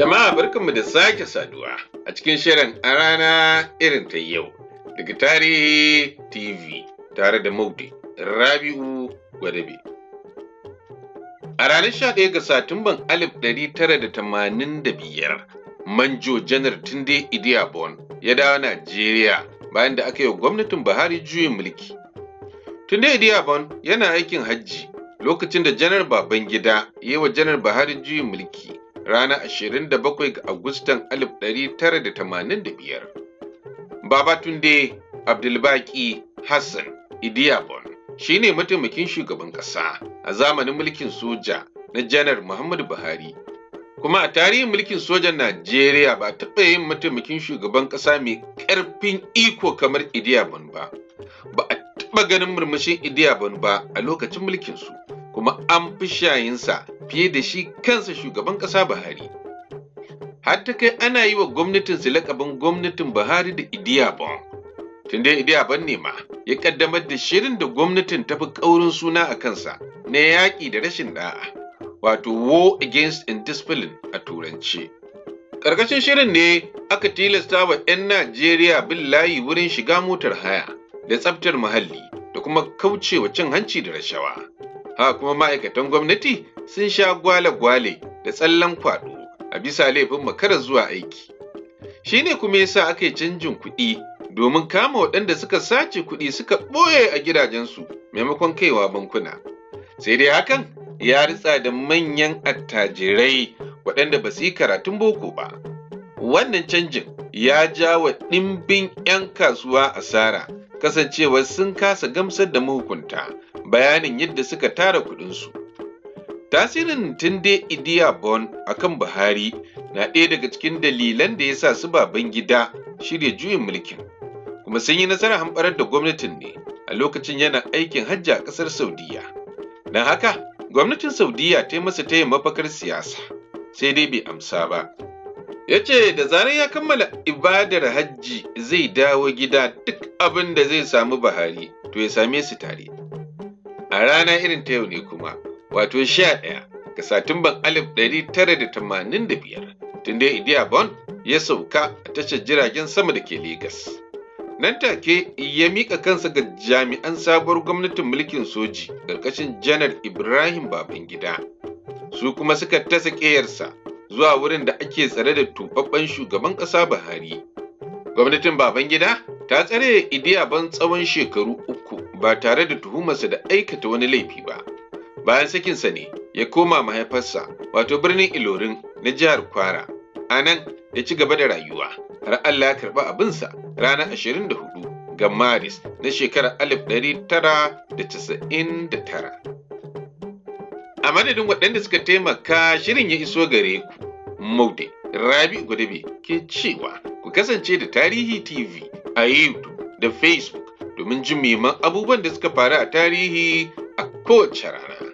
Jama'a barkanmu da sake saduwa a cikin shirin a rana irin ta yau daga tarihi TV tare da Maudi Rabi'u Gwadabe. A ranar 11 ga Satumban biyar, Manjo Janar Tunde Idiyabon ya dawo Najeriya bayan da aka yi gwamnatin Buhari juyin mulki. Tunde Idiyabon yana aikin hajji lokacin da Janar Babangida ya yi wa Janar Buhari juyin mulki. ranar 27 ga Agustan 1985. Babatunde Abdulbaki Hassan Idiyabon shi ne mataimakin shugaban ƙasa a zamanin mulkin soja na janar Muhammadu Buhari. Kuma a tarihin mulkin sojan Najeriya ba taɓa yin mataimakin shugaban ƙasa mai ƙarfin iko kamar Idiyabon ba. Ba a taɓa ganin murmushin Idiyabon ba a lokacin mulkinsu. kuma an fi shayinsa fiye da shi kansa shugaban ƙasa Buhari. Har ta kai ana yi wa gwamnatinsu laƙabin gwamnatin Buhari da Idiyabon. Tun dai Idiyabon ne ma ya ƙaddamar da shirin da gwamnatin ta fi ƙaurin suna a kansa na yaƙi da rashin ɗa'a, wato war against indiscipline a turance. Ƙarƙashin shirin ne aka tilasta wa 'yan Najeriya bin layi wurin shiga motar haya da tsaftar muhalli da kuma kaucewa cin hanci da rashawa. Haka kuma ma'aikatan gwamnati sun sha gwale-gwale da tsallan kwaɗo a bisa laifin makara zuwa aiki. Shi ne kuma ya sa aka yi canjin kuɗi domin kama waɗanda suka sace kuɗi suka ɓoye a gidajensu maimakon kaiwa bankuna. Sai dai hakan ya ritsa da manyan attajirai waɗanda ba su yi karatun boko ba. Wannan canjin ya ja wa ɗimbin 'yan kasuwa asara kasancewar sun kasa gamsar da mahukunta bayanin yadda suka tara kudinsu. Tasirin Tunde Idiya Bon a kan Buhari na ɗaya daga cikin dalilan da ya sa su baban gida shirya juyin mulkin, kuma sun yi nasarar hamɓarar da gwamnatin ne a lokacin yana aikin hajji a ƙasar Saudiya. Don haka, gwamnatin Saudiya ta yi masa tayin mafakar siyasa, sai dai bai amsa ba. ya ce da zarar ya kammala ibadar hajji zai dawo gida duk abin da zai samu Buhari to ya same su tare. A rana irin ta yau ne kuma, wato sha ɗaya ga Satumban alif ɗari tara da tamanin da biyar, tunda Idiya Bon ya sauka a tashar jiragen sama da ke Legas. Nan take ya mika kansa ga jami'an sabuwar gwamnatin mulkin soji ƙarƙashin Janar Ibrahim Babangida. Su kuma suka tasa ƙeyarsa zuwa wurin da ake tsare da tumfafben shugaban ƙasa Buhari. Gwamnatin Babangida ta tsare idiya ban tsawon shekaru uku ba tare da tuhumarsa da aikata wani laifi ba. Bayan sakinsa ne ya koma mahaifarsa wato birnin Ilorin na jihar Kwara. A nan ya ci gaba da rayuwa har Allah ya karɓi abinsa ranar 24 ga Maris na shekarar tara. A madadin waɗanda suka taimaka shirin ya iso gare ku. Maude Rabi Gwadabe ke cewa ku kasance da Tarihi TV a YouTube da Facebook domin jin meman abubuwan da suka faru a tarihi a kowace rana.